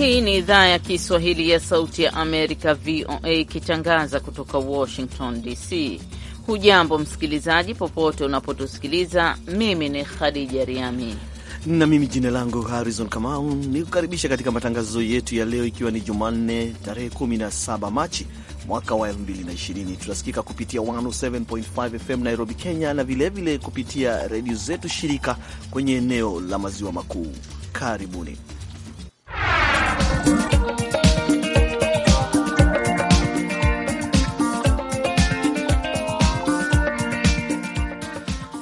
Hii ni idhaa ya Kiswahili ya Sauti ya Amerika, VOA, ikitangaza kutoka Washington DC. Hujambo msikilizaji, popote unapotusikiliza. Mimi ni Khadija Riami na mimi jina langu Harrison Kamau, ni kukaribisha katika matangazo yetu ya leo, ikiwa ni Jumanne tarehe 17 Machi mwaka wa 2020. Tunasikika kupitia 107.5 FM Nairobi, Kenya, na vilevile vile kupitia redio zetu shirika kwenye eneo la maziwa makuu. Karibuni.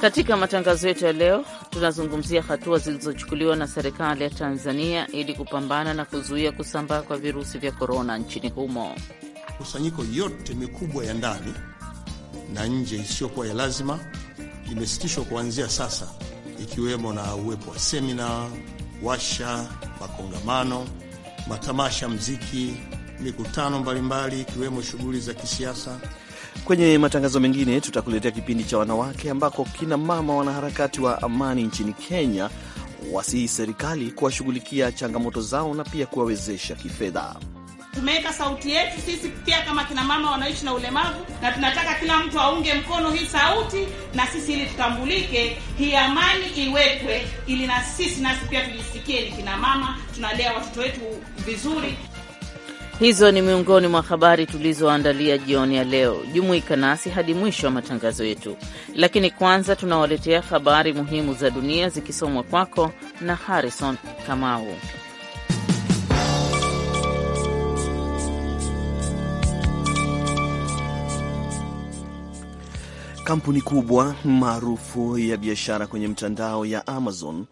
Katika matangazo yetu ya leo tunazungumzia hatua zilizochukuliwa na serikali ya Tanzania ili kupambana na kuzuia kusambaa kwa virusi vya korona nchini humo. Kusanyiko yote mikubwa ya ndani na nje isiyokuwa ya lazima imesitishwa kuanzia sasa, ikiwemo na uwepo wa semina, washa, makongamano matamasha mziki, mikutano mbalimbali, ikiwemo shughuli za kisiasa. Kwenye matangazo mengine tutakuletea kipindi cha wanawake, ambako kina mama wanaharakati wa amani nchini Kenya wasihi serikali kuwashughulikia changamoto zao na pia kuwawezesha kifedha tumeweka sauti yetu sisi pia kama kina mama wanaishi na ulemavu, na tunataka kila mtu aunge mkono hii sauti, na sisi ili tutambulike, hii amani iwekwe, ili na sisi nasi pia tujisikie ni kina mama, tunalea watoto wetu vizuri. Hizo ni miongoni mwa habari tulizoandalia jioni ya leo. Jumuika nasi hadi mwisho wa matangazo yetu, lakini kwanza tunawaletea habari muhimu za dunia zikisomwa kwako na Harrison Kamau. Kampuni kubwa maarufu ya biashara kwenye mtandao ya Amazon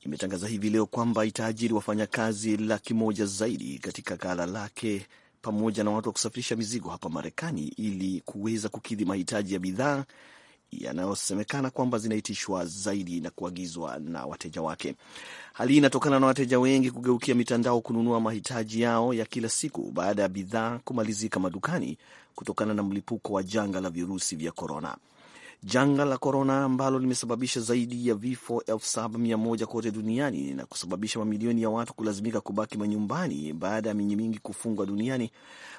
imetangaza hivi leo kwamba itaajiri wafanyakazi laki moja zaidi katika ghala lake pamoja na watu wa kusafirisha mizigo hapa Marekani ili kuweza kukidhi mahitaji ya bidhaa yanayosemekana kwamba zinaitishwa zaidi na kuagizwa na wateja wake. Hali hii inatokana na wateja wengi kugeukia mitandao kununua mahitaji yao ya kila siku baada ya bidhaa kumalizika madukani kutokana na mlipuko wa janga la virusi vya korona janga la korona ambalo limesababisha zaidi ya vifo 71 kote duniani na kusababisha mamilioni ya watu kulazimika kubaki manyumbani baada ya miji mingi kufungwa duniani.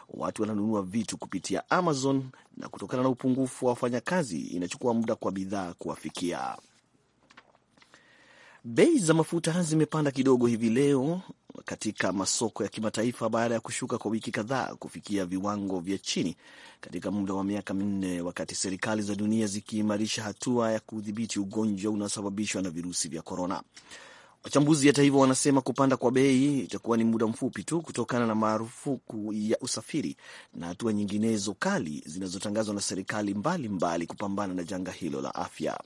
Watu wananunua vitu kupitia Amazon na kutokana na upungufu wa wafanyakazi, inachukua muda kwa bidhaa kuwafikia. Bei za mafuta zimepanda kidogo hivi leo katika masoko ya kimataifa baada ya kushuka kwa wiki kadhaa kufikia viwango vya chini katika muda wa miaka minne, wakati serikali za dunia zikiimarisha hatua ya kudhibiti ugonjwa unaosababishwa na virusi vya korona. Wachambuzi hata hivyo, wanasema kupanda kwa bei itakuwa ni muda mfupi tu kutokana na marufuku ya usafiri na hatua nyinginezo kali zinazotangazwa na serikali mbalimbali mbali kupambana na janga hilo la afya.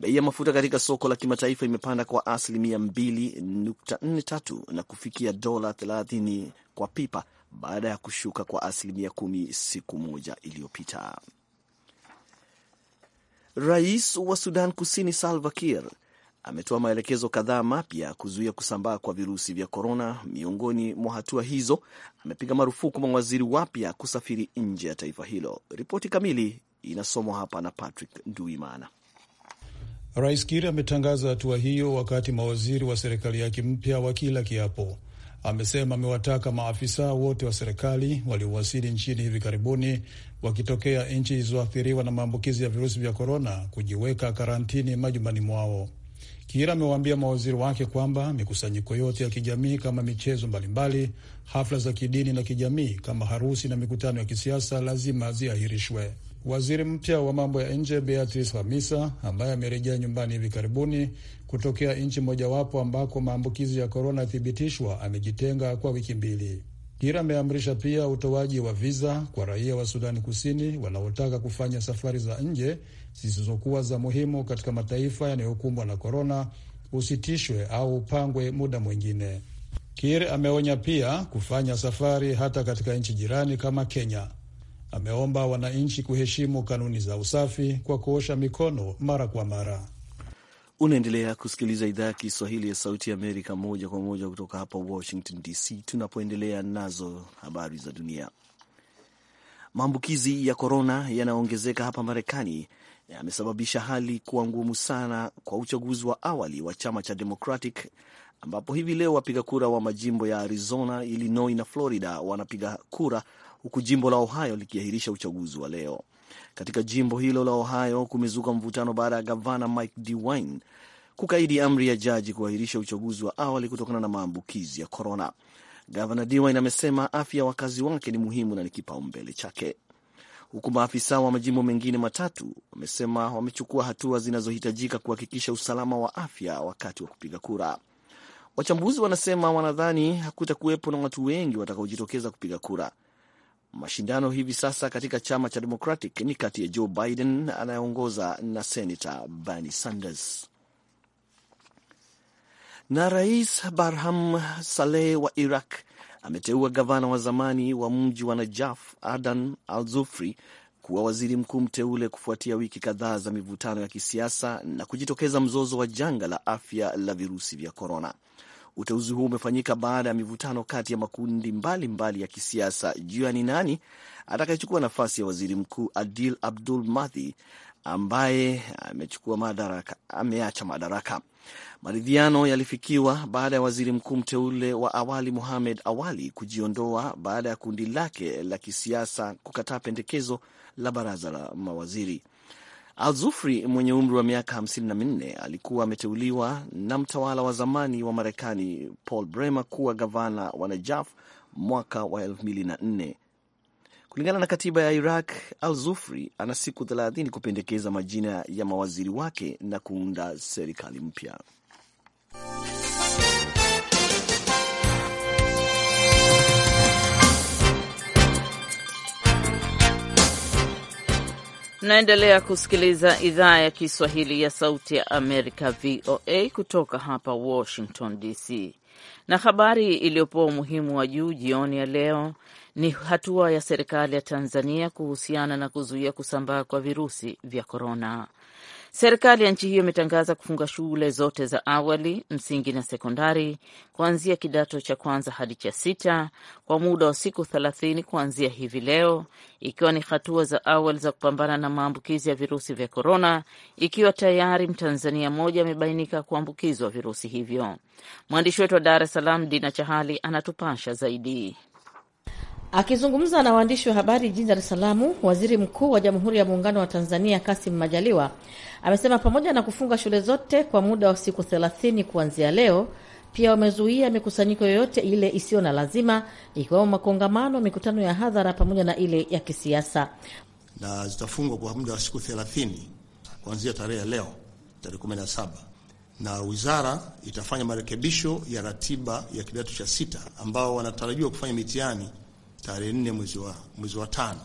Bei ya mafuta katika soko la kimataifa imepanda kwa asilimia 2.43 na kufikia dola 30 kwa pipa baada ya kushuka kwa asilimia kumi siku moja iliyopita. Rais wa Sudan Kusini Salva Kiir ametoa maelekezo kadhaa mapya kuzuia kusambaa kwa virusi vya korona. Miongoni mwa hatua hizo, amepiga marufuku mawaziri wapya kusafiri nje ya taifa hilo. Ripoti kamili inasomwa hapa na Patrick Nduimana. Rais Kiri ametangaza hatua hiyo wakati mawaziri wa serikali yake mpya wakila kiapo. Amesema amewataka maafisa wote wa serikali waliowasili nchini hivi karibuni wakitokea nchi zilizoathiriwa na maambukizi ya virusi vya korona kujiweka karantini majumbani mwao. Kira amewaambia mawaziri wake kwamba mikusanyiko yote ya kijamii kama michezo mbalimbali, hafla za kidini na kijamii kama harusi na mikutano ya kisiasa lazima ziahirishwe. Waziri mpya wa mambo ya nje Beatrice Hamisa, ambaye amerejea nyumbani hivi karibuni kutokea nchi mojawapo ambako maambukizi ya korona yathibitishwa, amejitenga kwa wiki mbili. Kira ameamrisha pia utoaji wa viza kwa raia wa Sudani Kusini wanaotaka kufanya safari za nje zisizokuwa za muhimu katika mataifa yanayokumbwa na korona usitishwe au upangwe muda mwingine. Kir ameonya pia kufanya safari hata katika nchi jirani kama Kenya ameomba wananchi kuheshimu kanuni za usafi kwa kuosha mikono mara kwa mara. Unaendelea kusikiliza idhaa ya Kiswahili ya Sauti ya Amerika moja kwa moja kutoka hapa Washington DC, tunapoendelea nazo habari za dunia. Maambukizi ya korona yanayoongezeka hapa Marekani yamesababisha hali kuwa ngumu sana kwa uchaguzi wa awali wa chama cha Democratic ambapo hivi leo wapiga kura wa majimbo ya Arizona, Illinois na Florida wanapiga kura huku jimbo la Ohio likiahirisha uchaguzi wa leo. Katika jimbo hilo la Ohio kumezuka mvutano baada ya gavana Mike DeWine kukaidi amri ya jaji kuahirisha uchaguzi wa awali kutokana na maambukizi ya korona. Gavana DeWine amesema afya ya wakazi wake ni muhimu na ni kipaumbele chake, huku maafisa wa majimbo mengine matatu wamesema wamechukua hatua zinazohitajika kuhakikisha usalama wa afya wakati wa kupiga kura. Wachambuzi wanasema wanadhani hakutakuwepo na watu wengi watakaojitokeza kupiga kura, Mashindano hivi sasa katika chama cha Democratic ni kati ya Joe Biden anayeongoza na senata Bernie Sanders na Rais Barham Saleh wa Iraq ameteua gavana wa zamani wa mji wa Najaf Adan Al Zufri kuwa waziri mkuu mteule kufuatia wiki kadhaa za mivutano ya kisiasa na kujitokeza mzozo wa janga la afya la virusi vya korona. Uteuzi huu umefanyika baada ya mivutano kati ya makundi mbalimbali mbali ya kisiasa juu ya ni nani atakayechukua nafasi ya waziri mkuu Adil Abdul Mahdi ambaye amechukua madaraka, ameacha madaraka. Maridhiano yalifikiwa baada ya waziri mkuu mteule wa awali Mohamed Awali kujiondoa baada ya kundi lake la kisiasa kukataa pendekezo la baraza la mawaziri alzufri mwenye umri wa miaka 54 alikuwa ameteuliwa na mtawala wa zamani wa Marekani Paul Bremer kuwa gavana wa Najaf mwaka wa 2004. Kulingana na katiba ya Iraq, Al-Zufri ana siku 30 kupendekeza majina ya mawaziri wake na kuunda serikali mpya. Mnaendelea kusikiliza idhaa ya Kiswahili ya Sauti ya Amerika, VOA, kutoka hapa Washington DC. Na habari iliyopewa umuhimu wa juu jioni ya leo ni hatua ya serikali ya Tanzania kuhusiana na kuzuia kusambaa kwa virusi vya korona. Serikali ya nchi hiyo imetangaza kufunga shule zote za awali, msingi na sekondari kuanzia kidato cha kwanza hadi cha sita kwa muda wa siku thelathini kuanzia hivi leo, ikiwa ni hatua za awali za kupambana na maambukizi ya virusi vya korona, ikiwa tayari Mtanzania mmoja amebainika kuambukizwa virusi hivyo. Mwandishi wetu wa Dar es Salaam, Dina Chahali, anatupasha zaidi. Akizungumza na waandishi wa habari jijini Dar es Salaam, waziri mkuu wa Jamhuri ya Muungano wa Tanzania Kasim Majaliwa amesema pamoja na kufunga shule zote kwa muda wa siku thelathini kuanzia leo, pia wamezuia mikusanyiko yoyote ile isiyo na lazima, ikiwemo makongamano, mikutano ya hadhara pamoja na ile ya kisiasa, na zitafungwa kwa muda wa siku thelathini kuanzia tarehe ya leo, tarehe 17 na wizara itafanya marekebisho ya ratiba ya kidato cha sita ambao wanatarajiwa kufanya mitihani tarehe nne mwezi wa tano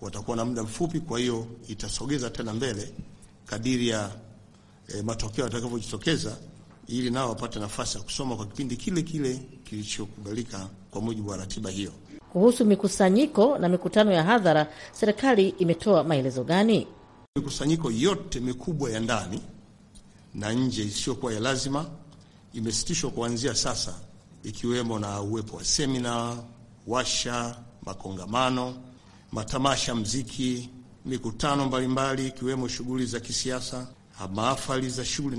watakuwa na muda mfupi, kwa hiyo itasogeza tena mbele kadiri ya e, matokeo yatakavyojitokeza ili nao wapate nafasi ya kusoma kwa kipindi kile kile kilichokubalika kwa mujibu wa ratiba hiyo. Kuhusu mikusanyiko na mikutano ya hadhara, serikali imetoa maelezo gani? Mikusanyiko yote mikubwa ya ndani na nje isiyokuwa ya lazima imesitishwa kuanzia sasa, ikiwemo na uwepo wa semina, washa, makongamano, matamasha, mziki, mikutano mbalimbali ikiwemo shughuli za kisiasa, mahafali za shule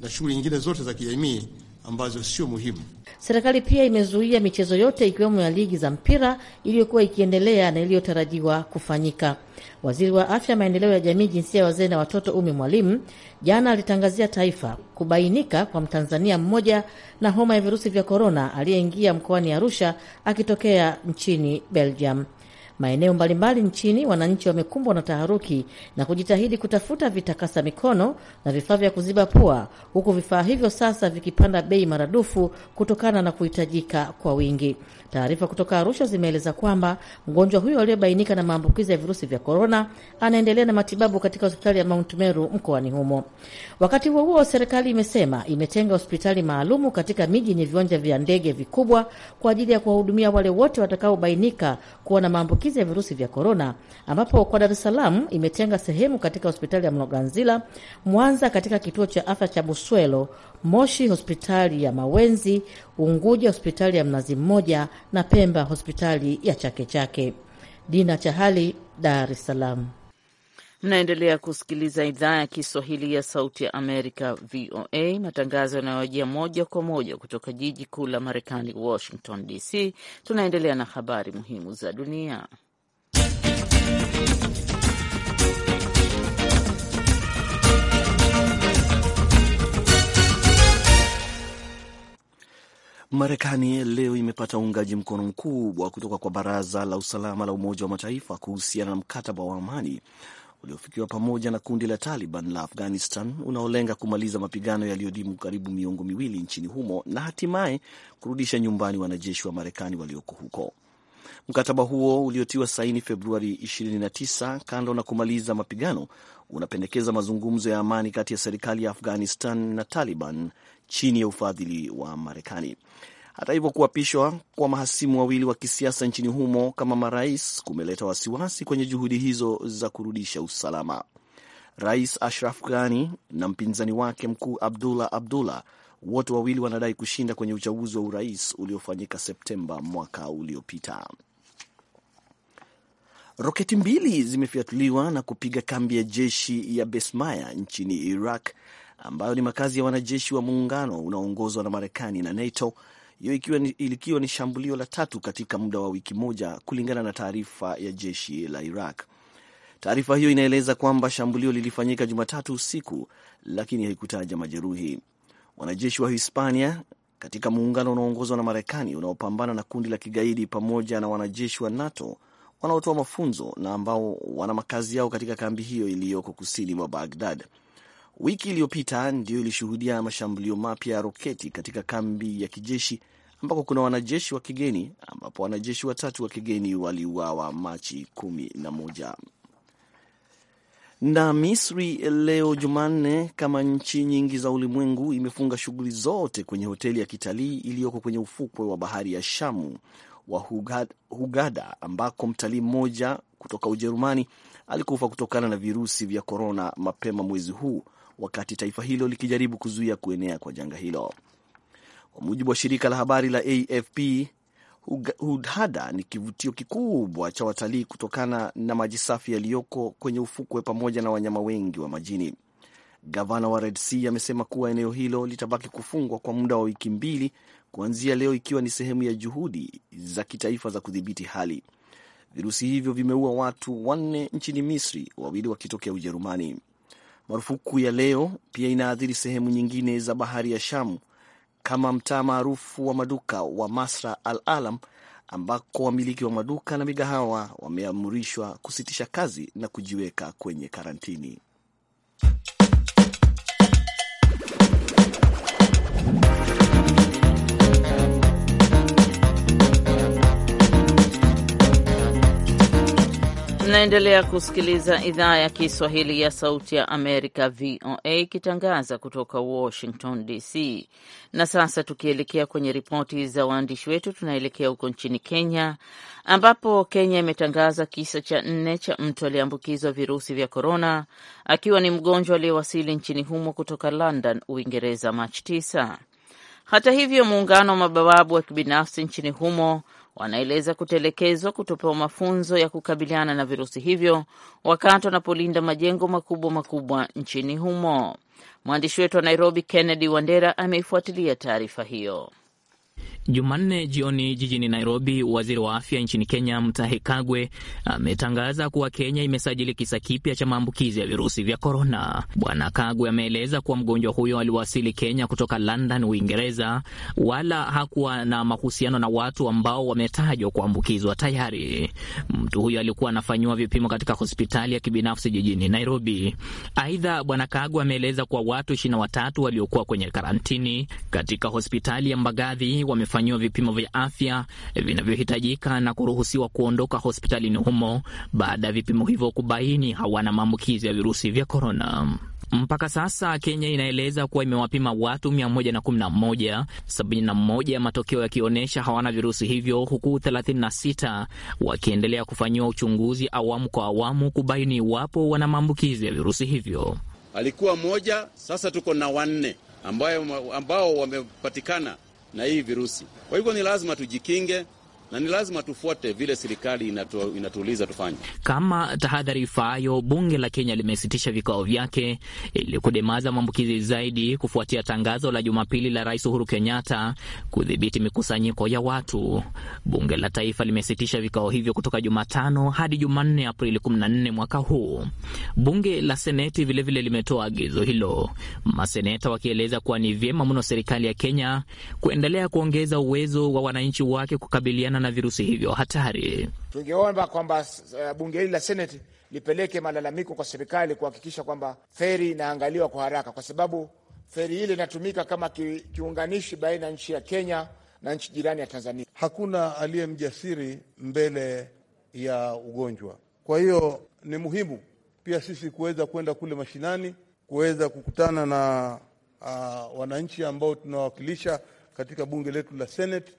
na shughuli nyingine zote za kijamii ambazo sio muhimu. Serikali pia imezuia michezo yote ikiwemo ya ligi za mpira iliyokuwa ikiendelea na iliyotarajiwa kufanyika. Waziri wa Afya, Maendeleo ya Jamii, Jinsia ya Wazee na Watoto, Umi Mwalimu, jana alitangazia taifa kubainika kwa Mtanzania mmoja na homa ya virusi vya korona aliyeingia mkoani Arusha akitokea nchini Belgium. Maeneo mbalimbali nchini, wananchi wamekumbwa na taharuki na kujitahidi kutafuta vitakasa mikono na vifaa vya kuziba pua, huku vifaa hivyo sasa vikipanda bei maradufu kutokana na kuhitajika kwa wingi. Taarifa kutoka Arusha zimeeleza kwamba mgonjwa huyo aliyebainika na maambukizi ya virusi vya korona anaendelea na matibabu katika hospitali ya Mount Meru mkoani humo. Wakati huo huo, serikali imesema imetenga hospitali maalumu katika miji yenye viwanja vya ndege vikubwa kwa ajili ya kuwahudumia wale wote watakaobainika kuwa na maambukizi maambukizi ya virusi vya korona, ambapo kwa Dar es Salaam imetenga sehemu katika hospitali ya Mloganzila, Mwanza katika kituo cha afya cha Buswelo, Moshi hospitali ya Mawenzi, Unguja hospitali ya Mnazi Mmoja na Pemba hospitali ya Chake Chake. Dina Chahali, Dar es Salaam. Mnaendelea kusikiliza idhaa ya Kiswahili ya Sauti ya Amerika, VOA, matangazo yanayoajia moja kwa moja kutoka jiji kuu la Marekani, Washington DC. Tunaendelea na habari muhimu za dunia. Marekani leo imepata uungaji mkono mkubwa kutoka kwa Baraza la Usalama la Umoja wa Mataifa kuhusiana na mkataba wa amani uliofikiwa pamoja na kundi la Taliban la Afghanistan unaolenga kumaliza mapigano yaliyodimu karibu miongo miwili nchini humo na hatimaye kurudisha nyumbani wanajeshi wa Marekani walioko huko. Mkataba huo uliotiwa saini Februari 29 kando na kumaliza mapigano, unapendekeza mazungumzo ya amani kati ya serikali ya Afghanistan na Taliban chini ya ufadhili wa Marekani. Hata hivyo, kuapishwa kwa mahasimu wawili wa kisiasa nchini humo kama marais kumeleta wasiwasi kwenye juhudi hizo za kurudisha usalama. Rais Ashraf Ghani na mpinzani wake mkuu Abdullah Abdullah wote wawili wanadai kushinda kwenye uchaguzi wa urais uliofanyika Septemba mwaka uliopita. Roketi mbili zimefiatuliwa na kupiga kambi ya jeshi ya Besmaya nchini Iraq, ambayo ni makazi ya wanajeshi wa muungano unaoongozwa na Marekani na NATO hiyo ikiwa ni, ilikiwa ni shambulio la tatu katika muda wa wiki moja, kulingana na taarifa ya jeshi la Iraq. Taarifa hiyo inaeleza kwamba shambulio lilifanyika Jumatatu usiku, lakini haikutaja majeruhi. Wanajeshi wa Hispania katika muungano unaoongozwa na Marekani unaopambana na kundi la kigaidi pamoja na wanajeshi wa NATO wanaotoa mafunzo na ambao wana makazi yao katika kambi hiyo iliyoko kusini mwa Bagdad Wiki iliyopita ndiyo ilishuhudia mashambulio mapya ya roketi katika kambi ya kijeshi ambako kuna wanajeshi wa kigeni, ambapo wanajeshi watatu wa kigeni waliuawa Machi kumi na moja. Na Misri leo Jumanne, kama nchi nyingi za ulimwengu, imefunga shughuli zote kwenye hoteli ya kitalii iliyoko kwenye ufukwe wa bahari ya Shamu wa Hugada, Hugada ambako mtalii mmoja kutoka Ujerumani alikufa kutokana na virusi vya korona mapema mwezi huu wakati taifa hilo likijaribu kuzuia kuenea kwa janga hilo. Kwa mujibu wa shirika la habari la AFP, Hudhada ni kivutio kikubwa cha watalii kutokana na maji safi yaliyoko kwenye ufukwe pamoja na wanyama wengi wa majini. Gavana wa Red Sea amesema kuwa eneo hilo litabaki kufungwa kwa muda wa wiki mbili kuanzia leo, ikiwa ni sehemu ya juhudi za kitaifa za kudhibiti hali. Virusi hivyo vimeua watu wanne nchini Misri, wawili wakitokea Ujerumani. Marufuku ya leo pia inaathiri sehemu nyingine za bahari ya Shamu kama mtaa maarufu wa maduka wa Masra Al Alam ambako wamiliki wa maduka na migahawa wameamrishwa kusitisha kazi na kujiweka kwenye karantini. Mnaendelea kusikiliza idhaa ya Kiswahili ya Sauti ya Amerika, VOA, ikitangaza kutoka Washington DC. Na sasa tukielekea kwenye ripoti za waandishi wetu, tunaelekea huko nchini Kenya, ambapo Kenya imetangaza kisa cha nne cha mtu aliyeambukizwa virusi vya korona, akiwa ni mgonjwa aliyewasili nchini humo kutoka London, Uingereza, Machi 9. Hata hivyo, muungano wa mabawabu wa kibinafsi nchini humo wanaeleza kutelekezwa, kutopewa mafunzo ya kukabiliana na virusi hivyo wakati wanapolinda majengo makubwa makubwa nchini humo. Mwandishi wetu wa Nairobi, Kennedy Wandera, ameifuatilia taarifa hiyo. Jumanne jioni jijini Nairobi, waziri wa afya nchini Kenya Mutahi Kagwe ametangaza kuwa Kenya imesajili kisa kipya cha maambukizi ya virusi vya korona. Bwana Kagwe ameeleza kuwa mgonjwa huyo aliwasili Kenya kutoka London, Uingereza, wala hakuwa na mahusiano na watu ambao wametajwa kuambukizwa tayari. Mtu huyo alikuwa anafanyiwa vipimo katika hospitali ya kibinafsi jijini Nairobi. Aidha, Bwana Kagwe ameeleza kuwa watu ishirini na watatu waliokuwa kwenye karantini katika hospitali ya Mbagathi wamefanyiwa vipimo vya afya vinavyohitajika na kuruhusiwa kuondoka hospitalini humo baada ya vipimo hivyo kubaini hawana maambukizi ya virusi vya korona. Mpaka sasa Kenya inaeleza kuwa imewapima watu 111, 71 matokeo yakionyesha hawana virusi hivyo, huku 36 wakiendelea kufanyiwa uchunguzi awamu kwa awamu kubaini iwapo wana maambukizi ya virusi hivyo. Alikuwa moja, sasa tuko na wanne ambao wamepatikana na hii virusi. Kwa hivyo ni lazima tujikinge, na ni lazima tufuate vile serikali inatu, inatuuliza tufanye. Kama tahadhari ifaayo, bunge la Kenya limesitisha vikao vyake ili kudemaza maambukizi zaidi kufuatia tangazo la Jumapili la Rais Uhuru Kenyatta kudhibiti mikusanyiko ya watu. Bunge la Taifa limesitisha vikao hivyo kutoka Jumatano hadi Jumanne, Aprili 14 mwaka huu. Bunge la Seneti vilevile vile limetoa agizo hilo, maseneta wakieleza kuwa ni vyema mno serikali ya Kenya kuendelea kuongeza uwezo wa wananchi wake kukabiliana na virusi hivyo hatari. Tungeomba kwamba eh, bunge hili la Seneti lipeleke malalamiko kwa serikali kuhakikisha kwamba feri inaangaliwa kwa haraka, kwa sababu feri hili inatumika kama ki, kiunganishi baina ya nchi ya Kenya na nchi jirani ya Tanzania. Hakuna aliye mjasiri mbele ya ugonjwa. Kwa hiyo ni muhimu pia sisi kuweza kwenda kule mashinani kuweza kukutana na uh, wananchi ambao tunawakilisha katika bunge letu la Senate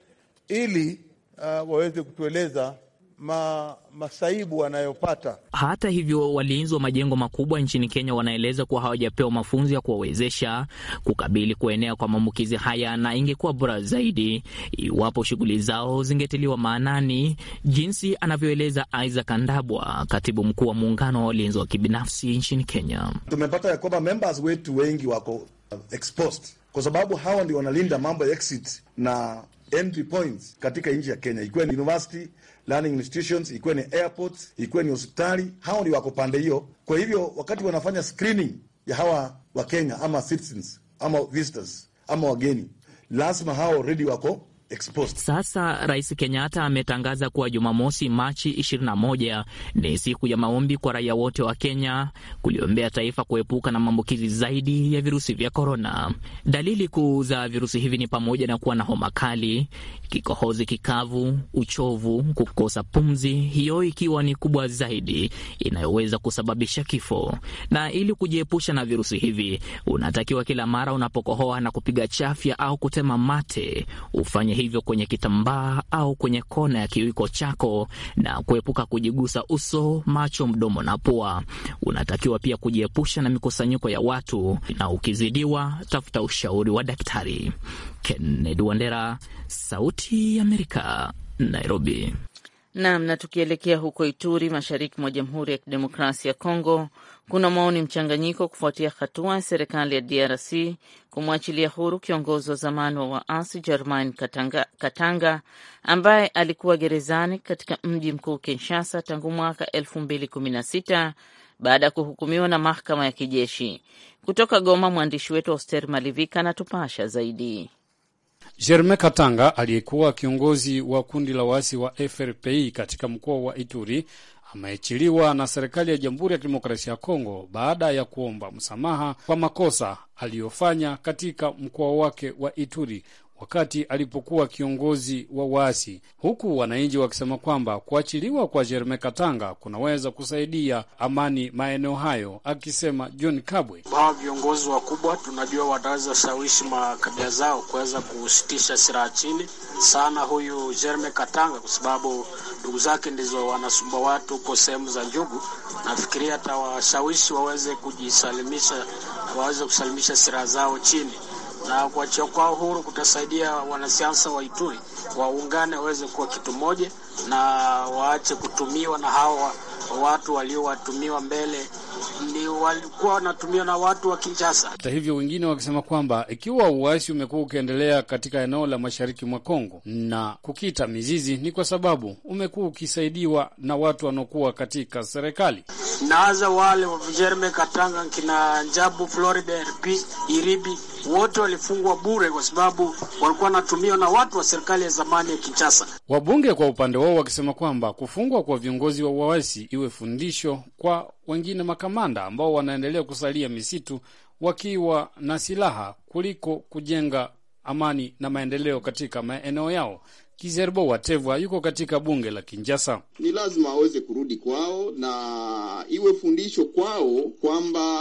ili uh, waweze kutueleza ma, masaibu wanayopata. Hata hivyo, walinzi wa majengo makubwa nchini Kenya wanaeleza kuwa hawajapewa mafunzo ya kuwawezesha kukabili kuenea kwa maambukizi haya, na ingekuwa bora zaidi iwapo shughuli zao zingetiliwa maanani, jinsi anavyoeleza Isaac Andabwa, katibu mkuu wa muungano wa walinzi wa kibinafsi nchini Kenya. Tumepata ya kwamba members wetu wengi wako uh, exposed kwa sababu hawa ndio wanalinda mambo ya exit na entry points katika nchi ya Kenya, ikiwa ni university learning institutions, ikiwa ni airports, ikiwa ni hospitali. Hao ndio wako pande hiyo. Kwa hivyo wakati wanafanya screening ya hawa wa Kenya ama citizens ama visitors ama wageni, lazima hao already wako exposed. Sasa Rais Kenyatta ametangaza kuwa Jumamosi, Machi 21 ni siku ya maombi kwa raia wote wa Kenya kuliombea taifa kuepuka na maambukizi zaidi ya virusi vya korona. Dalili kuu za virusi hivi ni pamoja na kuwa na homa kali, kikohozi kikavu, uchovu, kukosa pumzi, hiyo ikiwa ni kubwa zaidi inayoweza kusababisha kifo. Na ili kujiepusha na virusi hivi, unatakiwa kila mara unapokohoa na kupiga chafya au kutema mate ufanye hivyo kwenye kitambaa au kwenye kona ya kiwiko chako na kuepuka kujigusa uso, macho, mdomo na pua. Unatakiwa pia kujiepusha na mikusanyiko ya watu, na ukizidiwa, tafuta ushauri wa daktari. Kennedy Wandera, Sauti ya Amerika, Nairobi. Nam, na tukielekea huko Ituri, mashariki mwa Jamhuri ya Kidemokrasia ya Kongo, kuna maoni mchanganyiko kufuatia hatua ya serikali ya DRC kumwachilia huru kiongozi wa zamani wa waasi Germain Katanga, Katanga ambaye alikuwa gerezani katika mji mkuu Kinshasa tangu mwaka 2016 baada ya kuhukumiwa na mahakama ya kijeshi. Kutoka Goma, mwandishi wetu Oster Malivika anatupasha zaidi. Germain Katanga aliyekuwa kiongozi wa kundi la waasi wa FRPI katika mkoa wa Ituri ameachiliwa na serikali ya Jamhuri ya Kidemokrasia ya Kongo baada ya kuomba msamaha kwa makosa aliyofanya katika mkoa wake wa Ituri wakati alipokuwa kiongozi wa waasi, huku wananchi wakisema kwamba kuachiliwa kwa Jerme Katanga kunaweza kusaidia amani maeneo hayo, akisema John Kabwe. Hawa viongozi wakubwa tunajua wataweza shawishi makabila zao kuweza kusitisha silaha chini sana huyu Jerme Katanga, kwa sababu ndugu zake ndizo wanasumba watu huko sehemu za Njugu. Nafikiria atawashawishi waweze kujisalimisha waweze kusalimisha silaha zao chini na kuachia kwao huru kutasaidia wanasiasa wa Ituri waungane waweze kuwa kitu moja na waache kutumiwa na hawa watu waliowatumiwa mbele ni walikuwa wanatumiwa na watu wa Kinshasa. Hata hivyo, wengine wakisema kwamba ikiwa uasi umekuwa ukiendelea katika eneo la mashariki mwa Kongo na kukita mizizi, ni kwa sababu umekuwa ukisaidiwa na watu wanaokuwa katika serikali, naaza wale wa Jerme Katanga, kina Njabu Florida, Iribi wote walifungwa bure kwa sababu walikuwa wanatumiwa na watu wa serikali ya zamani ya Kinshasa. Wabunge kwa upande wao wakisema kwamba kufungwa kwa viongozi wa waasi iwe fundisho kwa wengine makamanda ambao wanaendelea kusalia misitu wakiwa na silaha kuliko kujenga amani na maendeleo katika maeneo yao. Kizerbo Wateva yuko katika bunge la Kinjasa. Ni lazima waweze kurudi kwao na iwe fundisho kwao kwamba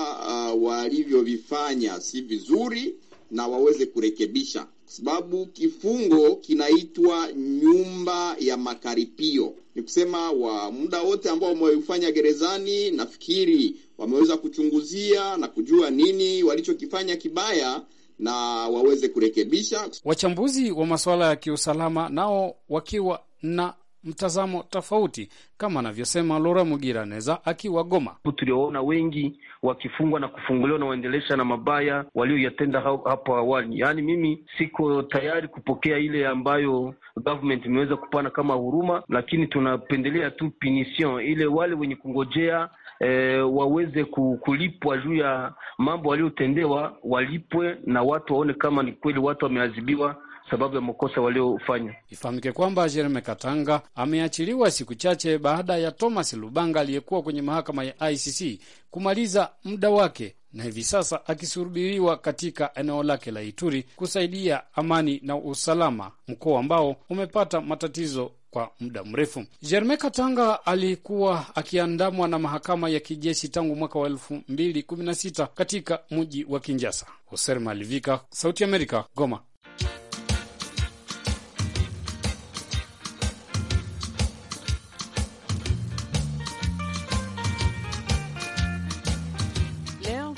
uh, walivyovifanya si vizuri na waweze kurekebisha, kwa sababu kifungo kinaitwa nyumba ya makaripio. Ni kusema wa muda wote ambao wameufanya gerezani, nafikiri wameweza kuchunguzia na kujua nini walichokifanya kibaya na waweze kurekebisha. Wachambuzi wa masuala ya kiusalama nao wakiwa na mtazamo tofauti, kama anavyosema Lora Mugiraneza akiwa Goma. Tulioona wengi wakifungwa na kufunguliwa na waendelesha na mabaya walioyatenda hapo awali. Yaani, mimi siko tayari kupokea ile ambayo government imeweza kupana kama huruma, lakini tunapendelea tu punition ile, wale wenye kungojea e, waweze kulipwa juu ya mambo waliotendewa, walipwe na watu waone kama ni kweli watu wameadhibiwa sababu ya makosa waliofanya. Ifahamike kwamba Jereme Katanga ameachiliwa siku chache baada ya Thomas Lubanga aliyekuwa kwenye mahakama ya ICC kumaliza muda wake na hivi sasa akisubiriwa katika eneo lake la Ituri kusaidia amani na usalama, mkoa ambao umepata matatizo kwa muda mrefu. Jerme Katanga alikuwa akiandamwa na mahakama ya kijeshi tangu mwaka wa elfu mbili kumi na sita katika mji wa Kinjasa. Hoser Malivika, Sauti Amerika, Goma.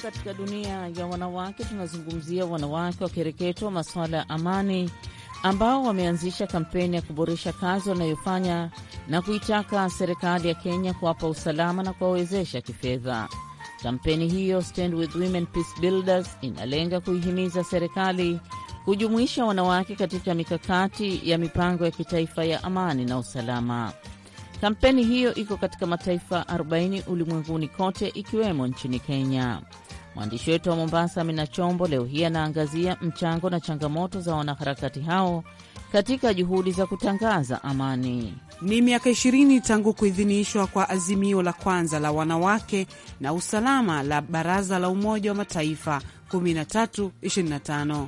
Katika dunia ya wanawake tunazungumzia wanawake wakireketwa masuala ya amani ambao wameanzisha kampeni ya kuboresha kazi wanayofanya na kuitaka serikali ya Kenya kuwapa usalama na kuwawezesha kifedha. Kampeni hiyo Stand with Women Peace Builders inalenga kuihimiza serikali kujumuisha wanawake katika mikakati ya mipango ya kitaifa ya amani na usalama. Kampeni hiyo iko katika mataifa 40 ulimwenguni kote ikiwemo nchini Kenya. Mwandishi wetu wa Mombasa, Amina Chombo, leo hii anaangazia mchango na changamoto za wanaharakati hao katika juhudi za kutangaza amani. Ni miaka ishirini tangu kuidhinishwa kwa azimio la kwanza la wanawake na usalama la Baraza la Umoja wa Mataifa 1325.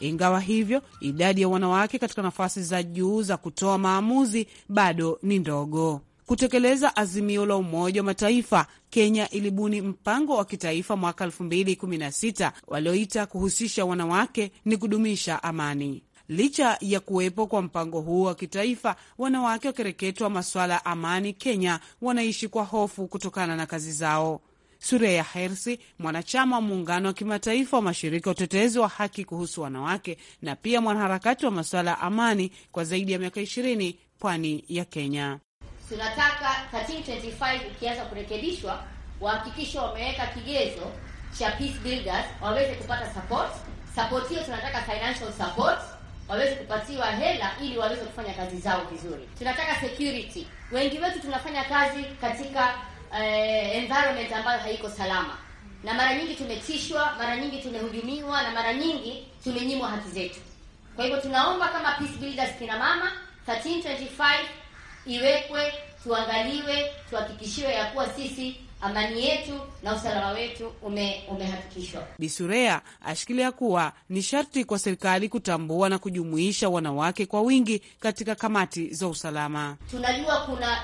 Ingawa hivyo, idadi ya wanawake katika nafasi za juu za kutoa maamuzi bado ni ndogo kutekeleza azimio la Umoja wa Mataifa, Kenya ilibuni mpango wa kitaifa mwaka 2016 walioita kuhusisha wanawake ni kudumisha amani. Licha ya kuwepo kwa mpango huo wa kitaifa, wanawake wakereketwa masuala ya amani Kenya wanaishi kwa hofu kutokana na kazi zao. Sureya Hersi, mwanachama wa muungano wa kimataifa wa mashirika ya utetezi wa haki kuhusu wanawake na pia mwanaharakati wa masuala ya amani kwa zaidi ya miaka ishirini pwani ya Kenya tunataka 1325 ikianza kurekebishwa wahakikishe wameweka kigezo cha peace builders waweze kupata support. Support hiyo tunataka financial support, waweze kupatiwa hela ili waweze kufanya kazi zao vizuri. Tunataka security. Wengi wetu tunafanya kazi katika eh, environment ambayo haiko salama, na mara nyingi tumetishwa, mara nyingi tumehujumiwa, na mara nyingi tumenyimwa haki zetu. Kwa hivyo tunaomba kama peace builders, kina mama 1325 iwekwe, tuangaliwe, tuhakikishiwe ya kuwa sisi amani yetu na usalama wetu ume, umehakikishwa. Bisurea ashikilia kuwa ni sharti kwa serikali kutambua na kujumuisha wanawake kwa wingi katika kamati za usalama. Tunajua kuna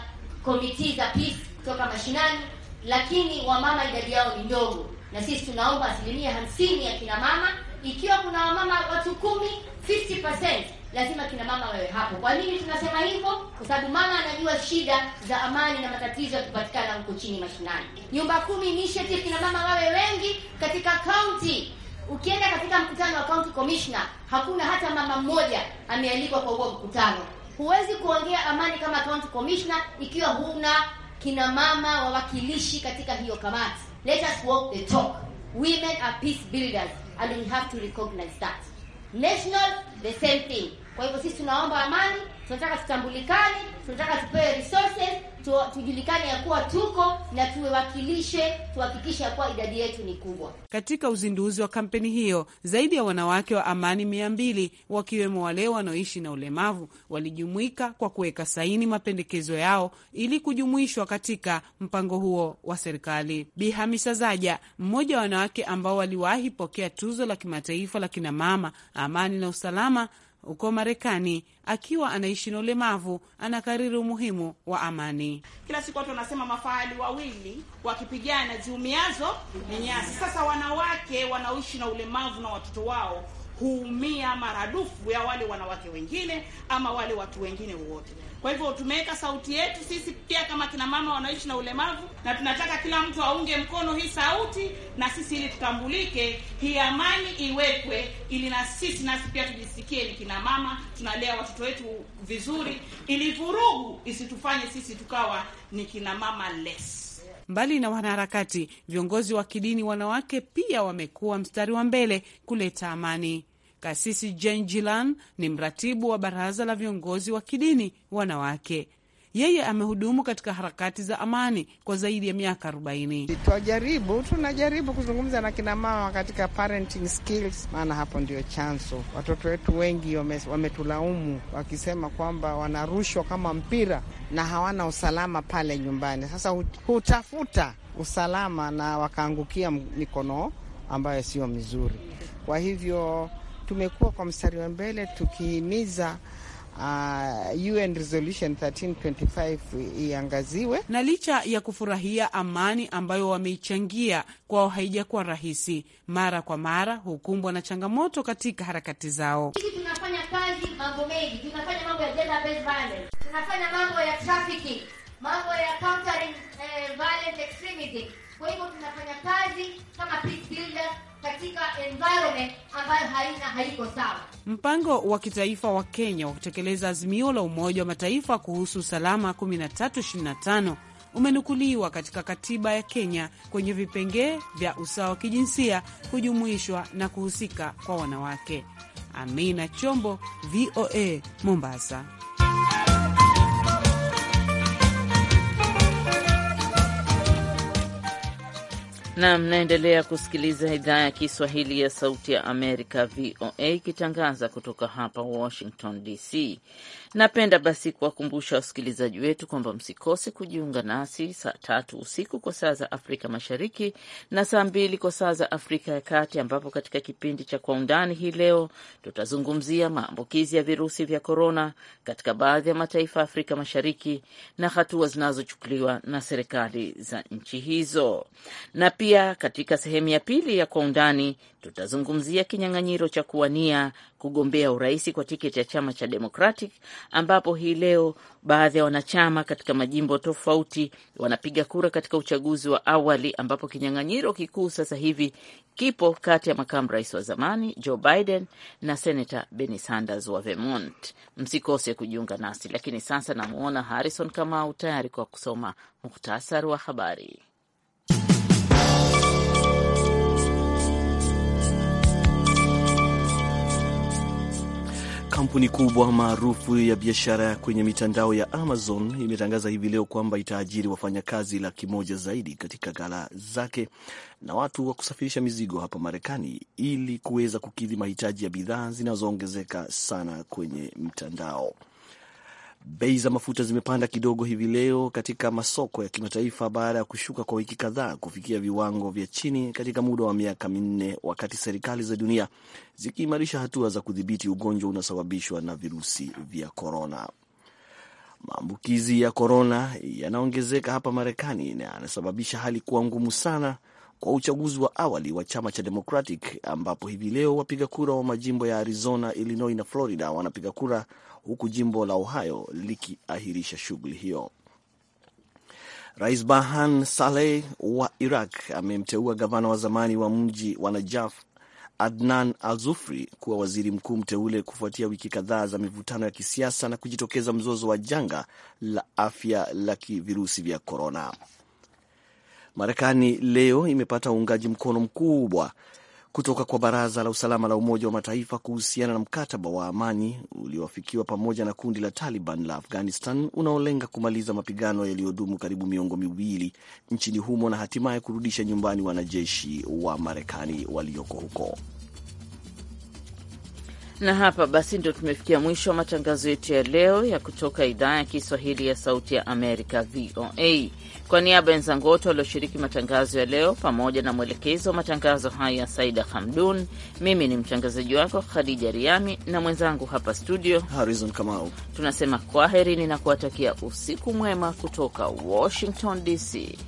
komiti za peace kutoka mashinani, lakini wamama idadi yao ni ndogo, na sisi tunaomba asilimia hamsini ya kinamama ikiwa kuna wamama watu kumi, 50% lazima kina mama wewe hapo. Kwa nini tunasema hivyo? Kwa sababu mama anajua shida za amani na matatizo yakipatikana huko chini mashinani. Nyumba Kumi Initiative, kina mama wawe wengi katika county. Ukienda katika mkutano wa county commissioner, hakuna hata mama mmoja amealikwa kwa huo mkutano. Huwezi kuongea amani kama county commissioner ikiwa huna kina mama wawakilishi katika hiyo kamati. Let us walk the talk. Women are peace builders. and we have to recognize that. National, the same thing. Kwa hivyo sisi tunaomba amani tunataka tutambulikane, tunataka tupewe resources tu, tujulikane ya kuwa tuko na tuwewakilishe, tuhakikishe ya kuwa idadi yetu ni kubwa. Katika uzinduzi wa kampeni hiyo, zaidi ya wanawake wa amani mia mbili wakiwemo wale wanaoishi na ulemavu walijumuika kwa kuweka saini mapendekezo yao ili kujumuishwa katika mpango huo wa serikali. Bi Hamisa Zaja, mmoja wa wanawake ambao waliwahi pokea tuzo la kimataifa la kinamama, amani na usalama huko Marekani akiwa anaishi na ulemavu, anakariri umuhimu wa amani. Kila siku watu wanasema mafahali wawili wakipigana ziumiazo ni nyasi. Sasa wanawake wanaoishi na ulemavu na watoto wao kuumia maradufu ya wale wanawake wengine ama wale watu wengine wowote. Kwa hivyo tumeweka sauti yetu sisi pia kama kina mama wanaishi na ulemavu, na tunataka kila mtu aunge mkono hii sauti na sisi, ili tutambulike, hii amani iwekwe, ili na sisi nasi pia tujisikie ni kina mama, tunalea watoto wetu vizuri, ili vurugu isitufanye sisi tukawa ni kina mama less. Mbali na wanaharakati, viongozi wa kidini wanawake pia wamekuwa mstari wa mbele kuleta amani. Kasisi Jane Jilan ni mratibu wa baraza la viongozi wa kidini wanawake. Yeye amehudumu katika harakati za amani kwa zaidi ya miaka 40. Twajaribu, tunajaribu kuzungumza na kinamama katika parenting skills, maana hapo ndio chanzo. Watoto wetu wengi wametulaumu wakisema kwamba wanarushwa kama mpira na hawana usalama pale nyumbani. Sasa hutafuta usalama na wakaangukia mikono ambayo sio mizuri, kwa hivyo tumekuwa kwa mstari wa mbele tukihimiza Uh, UN Resolution 1325 iangaziwe. Na licha ya kufurahia amani ambayo wameichangia, kwao haijakuwa rahisi, mara kwa mara hukumbwa na changamoto katika harakati zao. Sisi tunafanya kazi mambo mengi, tunafanya mambo ya gender based violence, tunafanya mambo ya trafficking, mambo ya countering eh, violent extremism kwa hivyo tunafanya kazi kama peace builder katika environment ambayo haina haiko sawa. Mpango wa kitaifa wa Kenya wa kutekeleza azimio la Umoja wa Mataifa kuhusu usalama 1325 umenukuliwa katika katiba ya Kenya kwenye vipengee vya usawa wa kijinsia, kujumuishwa na kuhusika kwa wanawake. Amina Chombo, VOA, Mombasa. na mnaendelea kusikiliza idhaa ya Kiswahili ya Sauti ya Amerika, VOA, ikitangaza kutoka hapa Washington DC. Napenda basi kuwakumbusha wasikilizaji wetu kwamba msikose kujiunga nasi saa tatu usiku kwa saa za Afrika Mashariki na saa mbili kwa saa za Afrika ya Kati, ambapo katika kipindi cha Kwa Undani hii leo tutazungumzia maambukizi ya virusi vya korona katika baadhi ya mataifa ya Afrika Mashariki na hatua zinazochukuliwa na serikali za nchi hizo na pia pia katika sehemu ya pili ya Kwa Undani tutazungumzia kinyang'anyiro cha kuwania kugombea urais kwa tiketi ya chama cha Democratic, ambapo hii leo baadhi ya wanachama katika majimbo tofauti wanapiga kura katika uchaguzi wa awali, ambapo kinyang'anyiro kikuu sasa hivi kipo kati ya makamu rais wa zamani Joe Biden na senata Bernie Sanders wa Vermont. Msikose kujiunga nasi, lakini sasa namwona Harrison Kamau tayari kwa kusoma muhtasari wa habari. Kampuni kubwa maarufu ya biashara kwenye mitandao ya Amazon imetangaza hivi leo kwamba itaajiri wafanyakazi laki moja zaidi katika ghala zake na watu wa kusafirisha mizigo hapa Marekani ili kuweza kukidhi mahitaji ya bidhaa zinazoongezeka sana kwenye mtandao. Bei za mafuta zimepanda kidogo hivi leo katika masoko ya kimataifa baada ya kushuka kwa wiki kadhaa kufikia viwango vya chini katika muda wa miaka minne, wakati serikali za dunia zikiimarisha hatua za kudhibiti ugonjwa unaosababishwa na virusi vya korona. Maambukizi ya korona yanaongezeka hapa Marekani na yanasababisha hali kuwa ngumu sana kwa uchaguzi wa awali wa chama cha Democratic ambapo hivi leo wapiga kura wa majimbo ya Arizona, Illinois na Florida wanapiga kura huku jimbo la Ohio likiahirisha shughuli hiyo. Rais bahan Saleh wa Iraq amemteua gavana wa zamani wa mji wa Najaf Adnan Al-Zufri kuwa waziri mkuu mteule kufuatia wiki kadhaa za mivutano ya kisiasa na kujitokeza mzozo wa janga la afya la kivirusi vya korona. Marekani leo imepata uungaji mkono mkubwa kutoka kwa Baraza la Usalama la Umoja wa Mataifa kuhusiana na mkataba wa amani ulioafikiwa pamoja na kundi la Taliban la Afghanistan unaolenga kumaliza mapigano yaliyodumu karibu miongo miwili nchini humo na hatimaye kurudisha nyumbani wanajeshi wa Marekani walioko huko. Na hapa basi ndio tumefikia mwisho wa matangazo yetu ya leo ya kutoka idhaa ya Kiswahili ya Sauti ya Amerika, VOA. Kwa niaba ya wenzangu wote walioshiriki matangazo ya leo pamoja na mwelekezi wa matangazo haya Saida Hamdun, mimi ni mtangazaji wako Khadija Riami na mwenzangu hapa studio Harrison Kamau, tunasema kwaherini na kuwatakia usiku mwema kutoka Washington DC.